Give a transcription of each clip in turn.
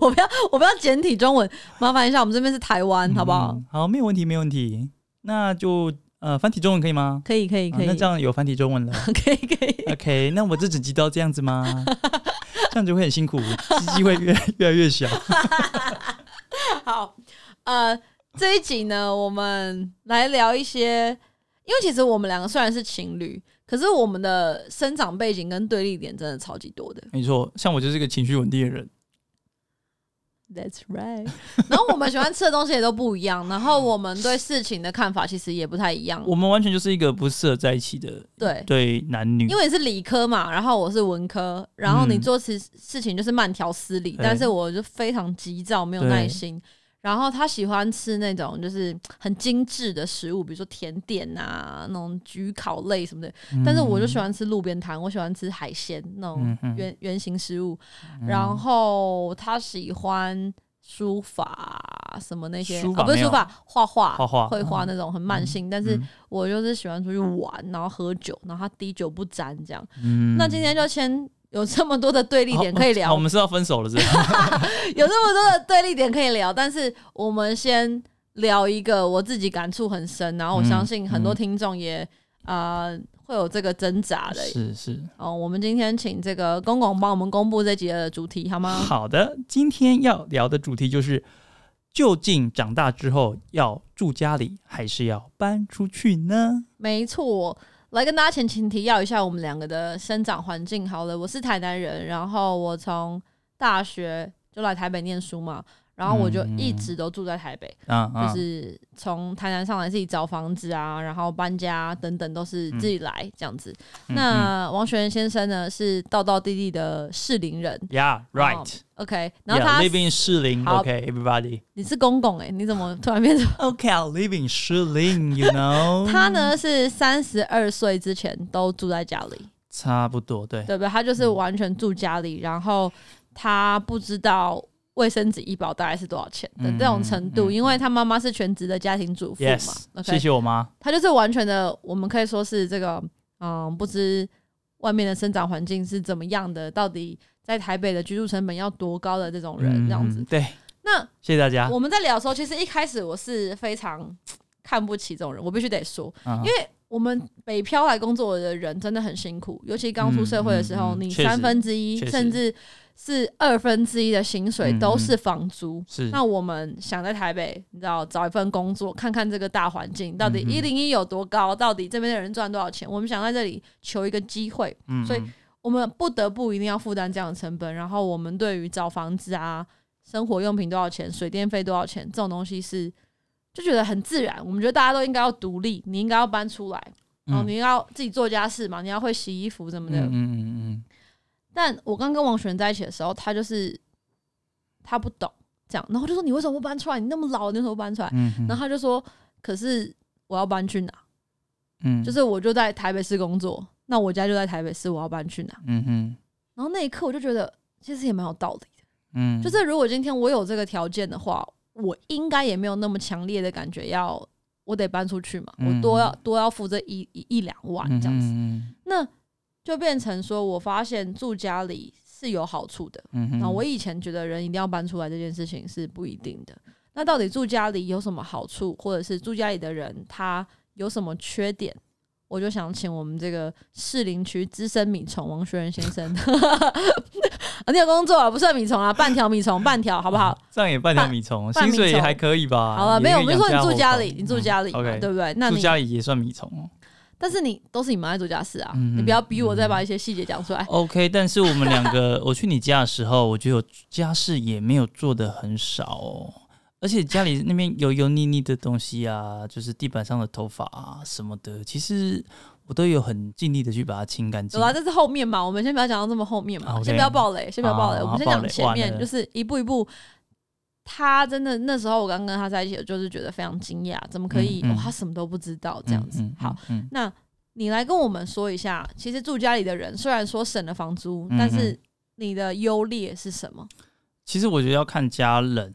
我不要，我不要簡體中文，麻煩一下，我們這邊是台灣，好不好、嗯？好，沒有問題，沒有問題。那就呃，繁體中文可以嗎？可以，可以，啊、可以。那這樣有繁體中文了，可以，可以。OK，那我這只集都這樣子嗎？ 這樣子會很辛苦，機會越越來越小。 好，呃，這一集呢，我們來聊一些，因為其實我們兩個雖然是情侶，可是我們的生長背景跟對立點真的超級多的。沒錯，像我就是一個情緒穩定的人。That's right。 然後我們喜歡吃的東西也都不一樣， 然後我們對事情的看法其實也不太一樣。我們完全就是一個不適合在一起的，對對，男女，因為是理科嘛，然後我是文科，然後你做事事情就是慢條斯理，嗯、但是我就非常急躁，沒有耐心。然後他喜歡吃那種就是很精緻的食物，比如說甜點啊，那種焗烤類什麼的。嗯、但是我就喜歡吃路邊攤，我喜歡吃海鮮那種圓、嗯、哼圓形食物。嗯、然後他喜歡書法什麼那些，書法哦、不是書法，畫畫、畫畫、繪畫那種很慢性。嗯、但是我就是喜歡出去玩，嗯、然後喝酒，然後他滴酒不沾這樣。嗯、那今天就先。有這麼多的對立點可以聊，哦哦、我們是要分手了是是，是吧？有這麼多的對立點可以聊，但是我們先聊一個我自己感觸很深，然後我相信很多聽眾也啊、嗯嗯呃、會有這個掙扎的是。是是哦，我們今天請這個公公幫我們公布這集的主題好嗎？好的，今天要聊的主題就是：究竟長大之後要住家裡還是要搬出去呢？沒錯。來跟大家前情提要一下，我們兩個的生長環境。好了，我是台南人，然後我從大學就來台北念書嘛。然後我就一直都住在台北，就是從台南上來自己找房子啊，然後搬家等等都是自己來這樣子。那王權先生呢，是道道地地的士林人，Yeah，right，OK。然後他 Living 士林，OK，everybody。你是公公哎？你怎麼突然變成 OK？Living 士林，You know。他呢是三十二歲之前都住在家裡，差不多對，對不對？他就是完全住家裡，然後他不知道。衛生紙醫保大概是多少錢的這種程度？嗯嗯、因為他媽媽是全職的家庭主婦嘛。Yes, okay, 謝謝我媽。他就是完全的，我們可以說是這個，嗯，不知外面的生長環境是怎麼樣的，到底在台北的居住成本要多高的這種人，這樣子。嗯、對。那謝謝大家。我們在聊的時候，其實一開始我是非常看不起這種人，我必須得說，嗯、因為。我們北漂來工作的人真的很辛苦，尤其剛出社會的時候，嗯嗯嗯、你三分之一甚至是二分之一的薪水都是房租。嗯嗯、是，那我們想在台北，你知道，找一份工作，看看這個大環境到底一零一有多高，到底這邊的人賺多少錢？我們想在這裡求一個機會，所以我們不得不一定要負擔這樣的成本。然後我們對於找房子啊、生活用品多少錢、水電費多少錢這種東西是。就覺得很自然，我們覺得大家都應該要獨立，你應該要搬出來，然後你應該要自己做家事嘛，嗯、你要會洗衣服什麼的。嗯嗯嗯、但我剛跟王璇在一起的時候，他就是他不懂這樣，然後就說：“你為什麼不搬出來？你那麼老，你為什麼不搬出來？”嗯嗯、然後他就說：“可是我要搬去哪？嗯，就是我就在台北市工作，那我家就在台北市，我要搬去哪？”嗯，嗯，然後那一刻我就覺得，其實也蠻有道理的。嗯，就是如果今天我有這個條件的話。我應該也沒有那麼強烈的感覺，要我得搬出去嘛？嗯、哼我多要多要付這一一兩萬這樣子，嗯嗯，那就變成說我發現住家裡是有好處的。那、嗯、哼我以前覺得人一定要搬出來這件事情是不一定的。那到底住家裡有什麼好處，或者是住家裡的人他有什麼缺點？我就想請我們這個士林區資深米蟲王學仁先生，你有工作啊？不算米蟲啊，半條米蟲半條，好不好？這樣也半條米蟲，薪水也還可以吧？好了，沒有，我們就說你住家裡，你住家裡，OK，對不對？住家裡也算米蟲，但是你都是你媽在做家事啊，你不要逼我再把一些細節講出來。OK，但是我們兩個我去你家的時候，我覺得我家事也沒有做得很少哦。而且家裡那邊油油膩膩的東西啊，就是地板上的頭髮啊什麼的，其實我都有很盡力的去把它清乾淨。走啦，啊，這是後面嘛，我們先不要講到這麼後面嘛，okay, 先不要爆雷，啊，先不要爆雷，啊，我們先講前面，就是一步一步。啊，他真的那時候，我剛跟他在一起，就是覺得非常驚訝，怎麼可以、嗯嗯哇，他什麼都不知道這樣子？嗯嗯嗯嗯，好，那你來跟我們說一下，其實住家裡的人雖然說省了房租，嗯，但是你的優劣是什麼？其實我覺得要看家人。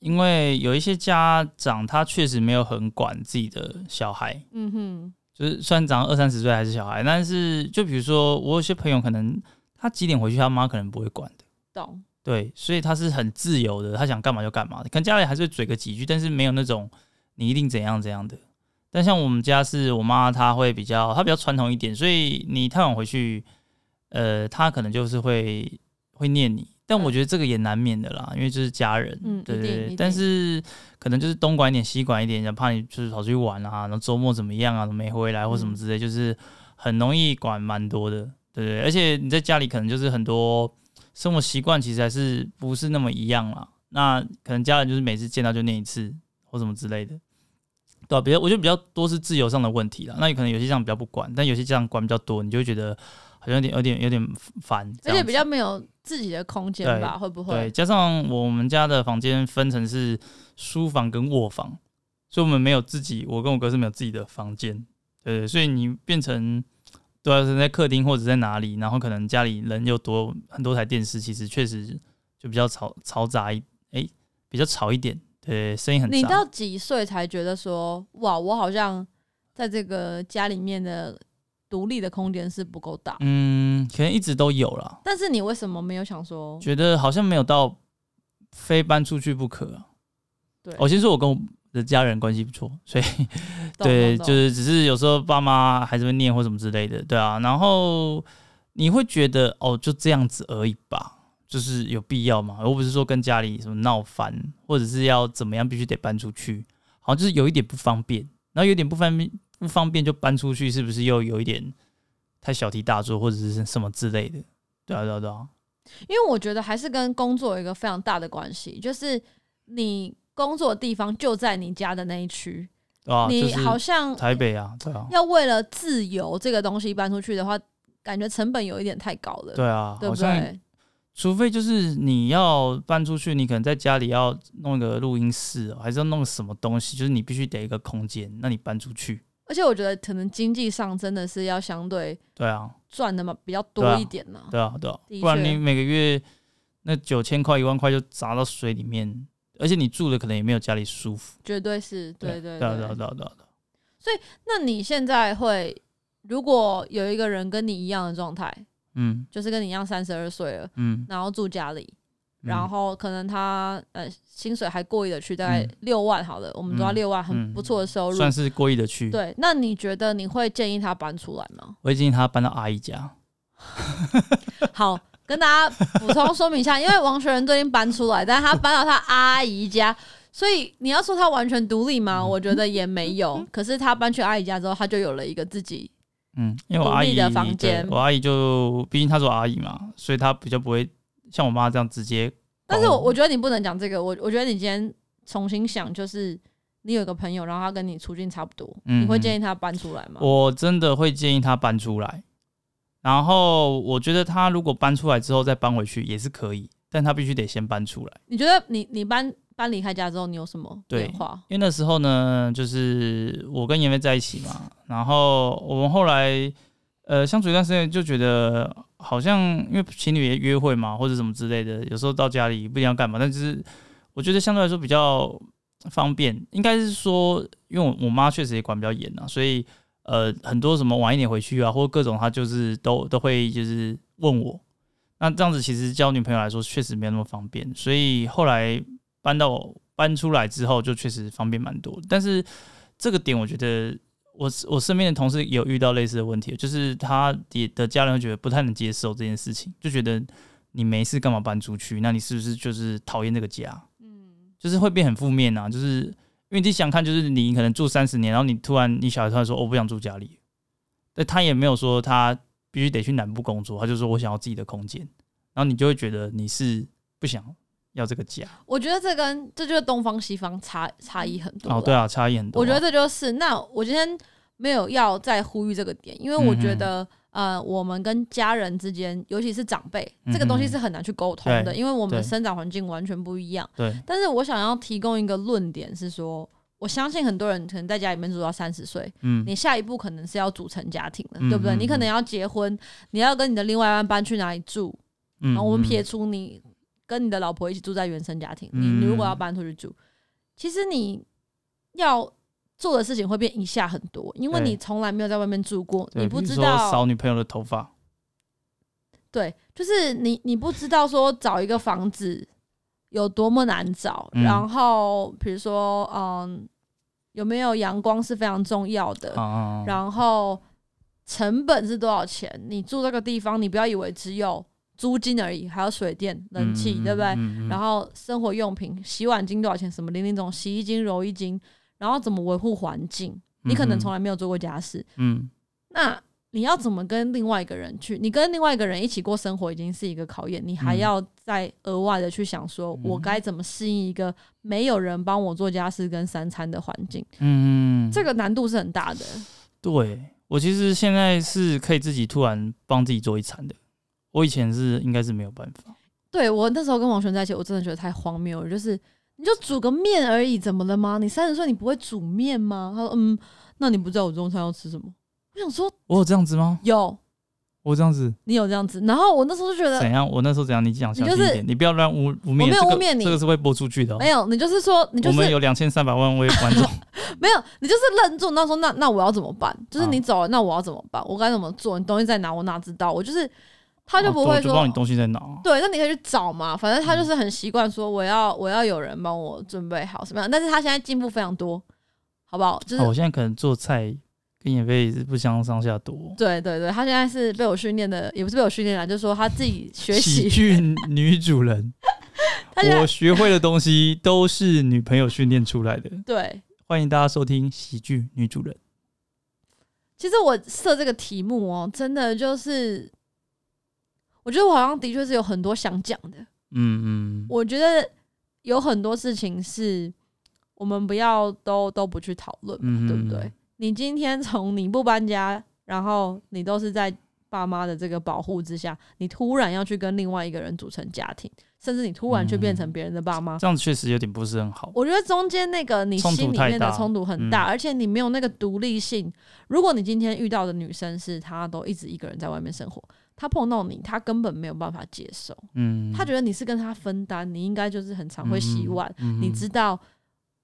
因為有一些家長，他確實沒有很管自己的小孩，嗯哼，就是雖然長二三十歲還是小孩，但是就比如說我有些朋友，可能他幾點回去，他媽可能不會管的，懂？對，所以他是很自由的，他想幹嘛就幹嘛的，可能家裡還是會嘴個幾句，但是沒有那種你一定怎樣怎樣的。但像我們家是我媽，她會比較，她比較傳統一點，所以你太晚回去，呃，她可能就是會會念你。但我覺得這個也難免的啦，因為就是家人，嗯、對對、對。但是可能就是東管一點，西管一點，就怕你就是跑出去玩啊，然後周末怎麼樣啊，沒回來或什麼之類，就是很容易管蠻多的，嗯、對不對、對？而且你在家裡可能就是很多生活習慣，其實還是不是那麼一樣啦。那可能家人就是每次見到就念一次或什麼之類的，對吧、啊？比較我覺得比較多是自由上的問題啦。那可能有些家長比較不管，但有些家長管比較多，你就會覺得。有點有點有點煩，而且比較沒有自己的空間吧對？會不會？對，加上我們家的房間分成是書房跟臥房，所以我們沒有自己，我跟我哥是沒有自己的房間。對，對，對，所以你變成都要是在客廳或者在哪裡，然後可能家裡人又多很多台電視，其實確實就比較吵嘈雜一，哎、欸，比較吵一點。對，對，對，聲音很。你到幾歲才覺得說，哇，我好像在這個家裡面的？獨立的空間是不夠大，嗯，可能一直都有啦。但是你為什麼沒有想說？覺得好像沒有到非搬出去不可。啊，對，我、哦、先說，我跟我的家人關係不錯，所以、嗯、對，嗯嗯嗯、就是只是有時候爸媽還是會念或什麼之類的，對啊。然後你會覺得哦，就這樣子而已吧，就是有必要嗎？而不是說跟家裡什麼鬧翻或者是要怎麼樣必須得搬出去，好像就是有一點不方便，然後有點不方便。不方便就搬出去，是不是又有一點太小題大做，或者是什麼之類的？對啊，對啊，對啊。因為我覺得還是跟工作有一個非常大的關係，就是你工作的地方就在你家的那一區啊，你好像台北啊，對啊，要為了自由這個東西搬出去的話，感覺成本有一點太高了。對啊，對不對？好像，除非就是你要搬出去，你可能在家裡要弄一個錄音室、哦，還是要弄什麼東西？就是你必須得一個空間，那你搬出去。而且我覺得可能經濟上真的是要相對，對啊，賺的嘛比較多一點呢、啊啊，對啊對啊，不然你每個月那九千塊一萬塊就砸到水裡面，而且你住的可能也沒有家裡舒服，絕對是對對對對對對。所以，那你現在會如果有一個人跟你一樣的狀態，嗯，就是跟你一樣三十二歲了，嗯，然後住家裡。嗯、然後可能他呃薪水還過意的去，大概六萬好了，嗯、我們都要六萬，很不錯的收入、嗯嗯，算是過意的去。對，那你覺得你會建議他搬出來嗎？我會建議他搬到阿姨家。 好，跟大家補充說明一下， 因為王學仁最近搬出來，但他搬到他阿姨家，所以你要說他完全獨立嗎？嗯、我覺得也沒有。嗯、可是他搬去阿姨家之後，他就有了一個自己嗯，因為我阿姨的房間，我阿姨就畢竟他是我阿姨嘛，所以他比較不會。像我媽這樣直接，但是我，我覺得你不能講這個。我我覺得你今天重新想，就是你有一個朋友，然後他跟你處境差不多，嗯、你會建議他搬出來嗎？我真的會建議他搬出來。然後我覺得他如果搬出來之後再搬回去也是可以，但他必須得先搬出來。你覺得你你搬搬離開家之後你有什麼變化？因為那時候呢，就是我跟妍妍在一起嘛，然後我們後來。呃，相處一段時間就覺得好像因為情侶約會嘛，或者什麼之類的，有時候到家裡不一定要幹嘛，但是我覺得相對來說比較方便，應該是說，因為我我媽確實也管比較嚴啊，所以呃，很多什麼晚一點回去啊，或各種，她就是都都會就是問我，那這樣子其實交女朋友來說確實沒有那麼方便，所以後來搬到搬出來之後，就確實方便蠻多，但是這個點我覺得。我我身邊的同事有遇到類似的問題，就是他的的家人會覺得不太能接受這件事情，就覺得你沒事幹嘛搬出去？那你是不是就是討厭這個家？嗯，就是會變很負面啊。就是因為你想看，就是你可能住三十年，然後你突然你小孩突然說我、哦、不想住家裡，但他也沒有說他必須得去南部工作，他就說我想要自己的空間，然後你就會覺得你是不想。要這個家，我覺得這跟這就是東方西方差差異很多哦。對啊，差異很多，啊。我覺得這就是那我今天沒有要再呼籲這個點，因為我覺得、嗯、哼呃，我們跟家人之間，尤其是長輩，嗯、哼這個東西是很難去溝通的，對因為我們生長環境完全不一樣。對。但是我想要提供一個論點是說，我相信很多人可能在家裡面住到三十歲，嗯，你下一步可能是要組成家庭的，嗯、哼對不對？你可能要結婚，你要跟你的另外一半搬去哪裡住，嗯哼，然後我們撇除你。嗯跟你的老婆一起住在原生家庭，你如果要搬出去住，嗯、其實你要做的事情會變一下很多，因為你從來沒有在外面住過，對你不知道。少女朋友的頭髮。對，就是你，你不知道說找一個房子有多麼難找，嗯、然後比如說，嗯，有沒有陽光是非常重要的，哦、然後成本是多少錢？你住這個地方，你不要以為只有。租金而已，還有水電、冷氣，嗯、對不對？嗯、然後生活用品，洗碗精多少錢？什麼零零總，洗衣精、柔衣精，然後怎麼維護環境？嗯、你可能從來沒有做過家事，嗯，那你要怎麼跟另外一個人去？你跟另外一個人一起過生活已經是一個考驗，你還要再額外的去想，說我該怎麼適應一個沒有人幫我做家事跟三餐的環境？嗯，嗯，這個難度是很大的。對，我其實現在是可以自己突然幫自己做一餐的。我以前是應該是沒有辦法。對我那時候跟王璇在一起，我真的覺得太荒謬了。就是你就煮個麵而已，怎麼了嗎？你三十歲，你不會煮麵嗎？他說：“嗯，那你不知道我中餐要吃什麼？”我想說：“我有這樣子嗎？有我這樣子，你有這樣子。”然後我那時候就覺得怎樣？我那時候怎樣？你講詳細一點，你，就是、你不要亂污污衊，我沒有污衊你，這個是會播出去的，哦。沒有，你就是說，你、就是、我們有兩千三百萬位觀眾， 沒有，你就是愣住。那時候，那那我要怎麼辦？就是你走了，啊、那我要怎麼辦？我該怎麼做？你東西在哪？我哪知道？我就是。他就不會說，我不知道你東西在哪兒，啊？對，那你可以去找嘛。反正他就是很習慣說我要我要有人幫我準備好什麼樣。但是他現在進步非常多，好不好？就是我現在可能做菜跟演貝不相上下多。對對對，他現在是被我訓練的，也不是被我訓練了。就是說他自己學習。 喜劇女主人，我學會的東西都是女朋友訓練出來的。對，歡迎大家收聽喜劇女主人。其實我設這個題目哦，喔，真的就是。我覺得我好像的確是有很多想講的，嗯嗯，我覺得有很多事情是我們不要都都不去討論，嘛，嗯、對不對？你今天從你不搬家，然後你都是在爸媽的這個保護之下，你突然要去跟另外一個人組成家庭，甚至你突然去變成別人的爸媽，這樣確實有點不是很好。我覺得中間那個你心裡面的衝突很大，而且你沒有那個獨立性。如果你今天遇到的女生是她都一直一個人在外面生活。他碰到你，他根本沒有辦法接受。嗯，他覺得你是跟他分擔，你應該就是很常會洗碗。嗯嗯、你知道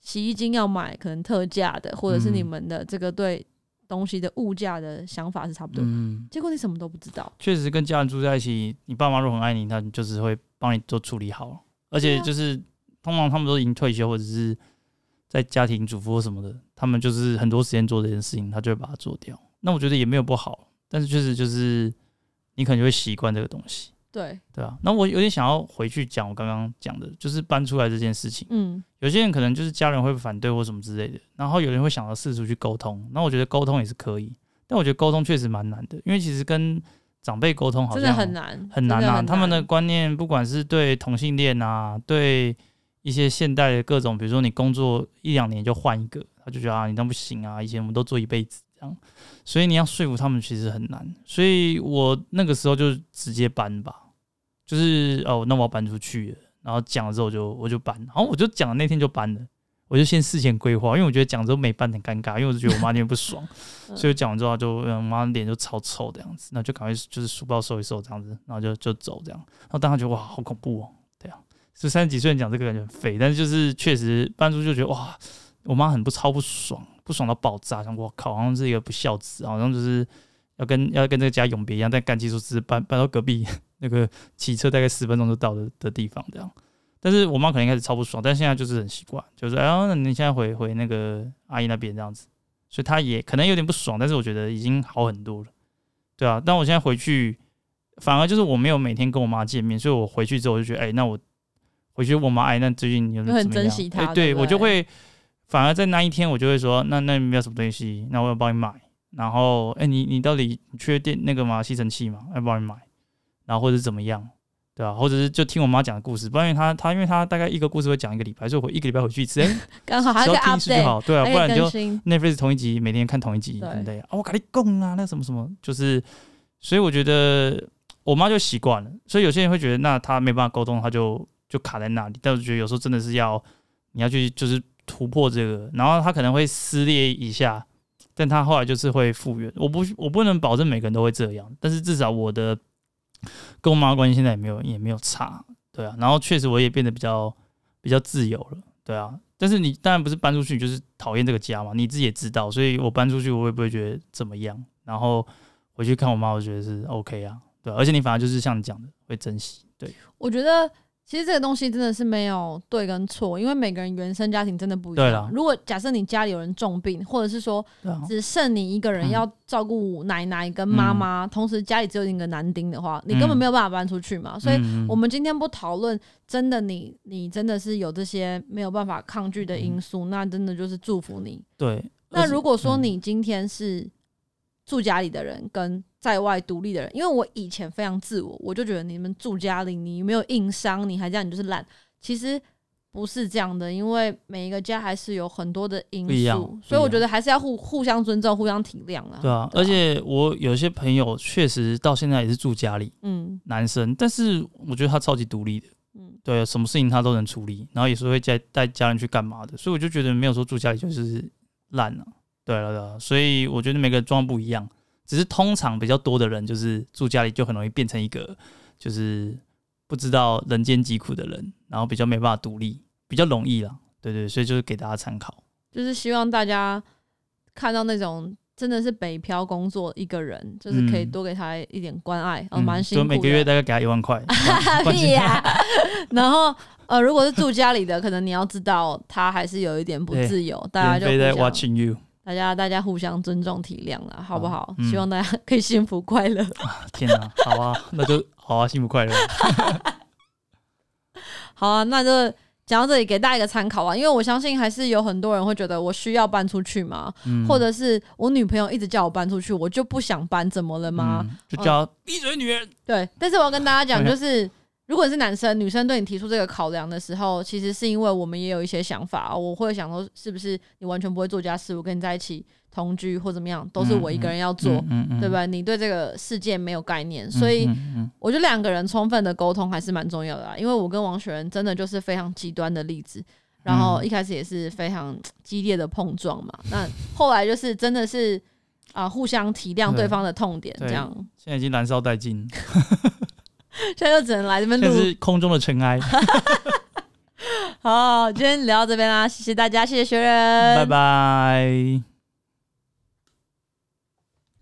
洗衣精要買可能特價的，或者是你們的這個對東西的物價的想法是差不多的。嗯，結果你什麼都不知道。確實，跟家人住在一起，你爸媽如果很愛你，他就是會幫你做處理好。而且就是、啊、通常他們都已經退休，或者是在家庭主婦什麼的，他們就是很多時間做這件事情，他就會把它做掉。那我覺得也沒有不好，但是確實就是。你可能就會習慣這個東西，對對啊。那我有點想要回去講我剛剛講的，就是搬出來這件事情。嗯，有些人可能就是家人會反對或什麼之類的，然後有人會想要試圖去溝通。那我覺得溝通也是可以，但我覺得溝通確實蠻難的，因為其實跟長輩溝通好像、啊、真的很難，很難啊。他們的觀念不管是對同性戀啊，對一些現代的各種，比如說你工作一兩年就換一個，他就覺得啊，你那不行啊，以前我們都做一輩子。所以你要說服他們其實很難，所以我那個時候就直接搬吧，就是哦，那我要搬出去，然後講了之後我就我就搬，然、哦、後我就講那天就搬了，我就先事先規劃，因為我覺得講之後沒搬很尷尬，因為我就覺得我媽那邊不爽， 所以講完之後就我媽臉就超臭的這樣子，那就趕快就是書包收一收這樣子，然後就就走這樣，然後當時覺得哇好恐怖哦，這樣、對啊，就三十幾歲講這個感覺很廢，但是就是確實搬出去就覺得哇，我媽很不超不爽。不爽到爆炸，像我靠，好像是一個不孝子，好像就是要跟要跟這個家永別一樣。但幹技術是搬搬到隔壁那個騎車大概十分鐘就到的的地方這樣。但是我媽可能一開始超不爽，但現在就是很習慣，就是哎，那你現在回回那個阿姨那邊這樣子，所以她也可能有點不爽，但是我覺得已經好很多了，對啊。但我現在回去反而就是我沒有每天跟我媽見面，所以我回去之後我就覺得哎，那我回去問我媽哎，那最近有沒有怎麼樣？她？對我就會。反而在那一天，我就會說，那那你沒有什麼東西？那我要幫你買。然後，哎，你你到底缺電那個嗎？吸塵器嗎？要幫你買。然後或者是怎麼樣，對啊，或者是就聽我媽講的故事，不然因為她她因為她大概一個故事會講一個禮拜，所以我一個禮拜回去一次。哎，剛好還是要聽一次就好，對啊，不然你就那不是同一集，每天看同一集，對，對，對啊，啊我咖喱貢啊，那什麼什麼，就是，所以我覺得我媽就習慣了。所以有些人會覺得，那她沒辦法溝通，她就就卡在那裡。但我覺得有時候真的是要你要去就是。突破這個，然後他可能會撕裂一下，但他後來就是會復原。我不，我不能保證每個人都會這樣，但是至少我的跟我媽關係現在也沒有，也沒有差，對啊。然後確實我也變得比較比較自由了，對啊。但是你當然不是搬出去就是討厭這個家嘛，你自己也知道。所以我搬出去，我也不會覺得怎麼樣。然後回去看我媽，我覺得是 OK 啊，對啊。而且你反而就是像你講的，會珍惜。對，我覺得。其實這個東西真的是沒有對跟錯，因為每個人原生家庭真的不一樣。對了 如果假設你家裡有人重病，或者是說只剩你一個人要照顧奶奶跟媽媽，嗯、同時家裡只有一個男丁的話，嗯、你根本沒有辦法搬出去嘛。嗯、所以我們今天不討論，真的你你真的是有這些沒有辦法抗拒的因素，嗯、那真的就是祝福你。對。那如果說你今天是住家裡的人跟。在外獨立的人，因為我以前非常自我，我就覺得你們住家裡，你沒有硬傷，你還這樣，你就是爛。其實不是這樣的，因為每一個家還是有很多的因素，所以我覺得還是要互互相尊重、互相體諒啊。對啊，對而且我有些朋友確實到現在也是住家裡，嗯，男生，但是我覺得他超級獨立的，嗯，對，什麼事情他都能處理，然後也是會帶帶家人去幹嘛的，所以我就覺得沒有說住家裡就是爛、啊、了，對了對，所以我覺得每個狀況不一樣。只是通常比較多的人就是住家裡就很容易變成一個就是不知道人間疾苦的人，然後比較沒辦法獨立，比較容易啦。對對，對，所以就是給大家參考，就是希望大家看到那種真的是北漂工作一個人，就是可以多給他一點關愛，哦、嗯，蠻、呃、辛苦的，就、嗯、每個月大概給他一萬塊， 然後呃，如果是住家裡的， 可能你要知道他還是有一點不自由，欸、大家就。大家，大家互相尊重體諒啦，好不好？啊嗯、希望大家可以幸福快樂、啊。天哪、啊，好啊， 那就好啊，幸福快樂。 好啊，那就講到這裡，給大家一個參考啊。因為我相信，還是有很多人會覺得我需要搬出去嗎？嗯、或者是我女朋友一直叫我搬出去，我就不想搬，怎麼了嗎？嗯、就叫閉、呃、嘴女人。對，但是我要跟大家講，就是。Okay. 如果是男生，女生對你提出這個考量的時候，其實是因為我們也有一些想法，我會想說，是不是你完全不會做家事？我跟你在一起同居或怎麼樣，都是我一個人要做，嗯嗯嗯嗯、對不對？你對這個世界沒有概念，所以我覺得兩個人充分的溝通還是蠻重要的。因為我跟王雪人真的就是非常極端的例子，然後一開始也是非常激烈的碰撞嘛。嗯、那後來就是真的是啊、呃，互相體諒對方的痛點，對這樣，現在已經燃燒殆盡。 現在又只能來這邊錄，這是空中的塵埃。 好，好，今天聊到這邊啦，啊，謝謝大家，謝謝學員，拜拜。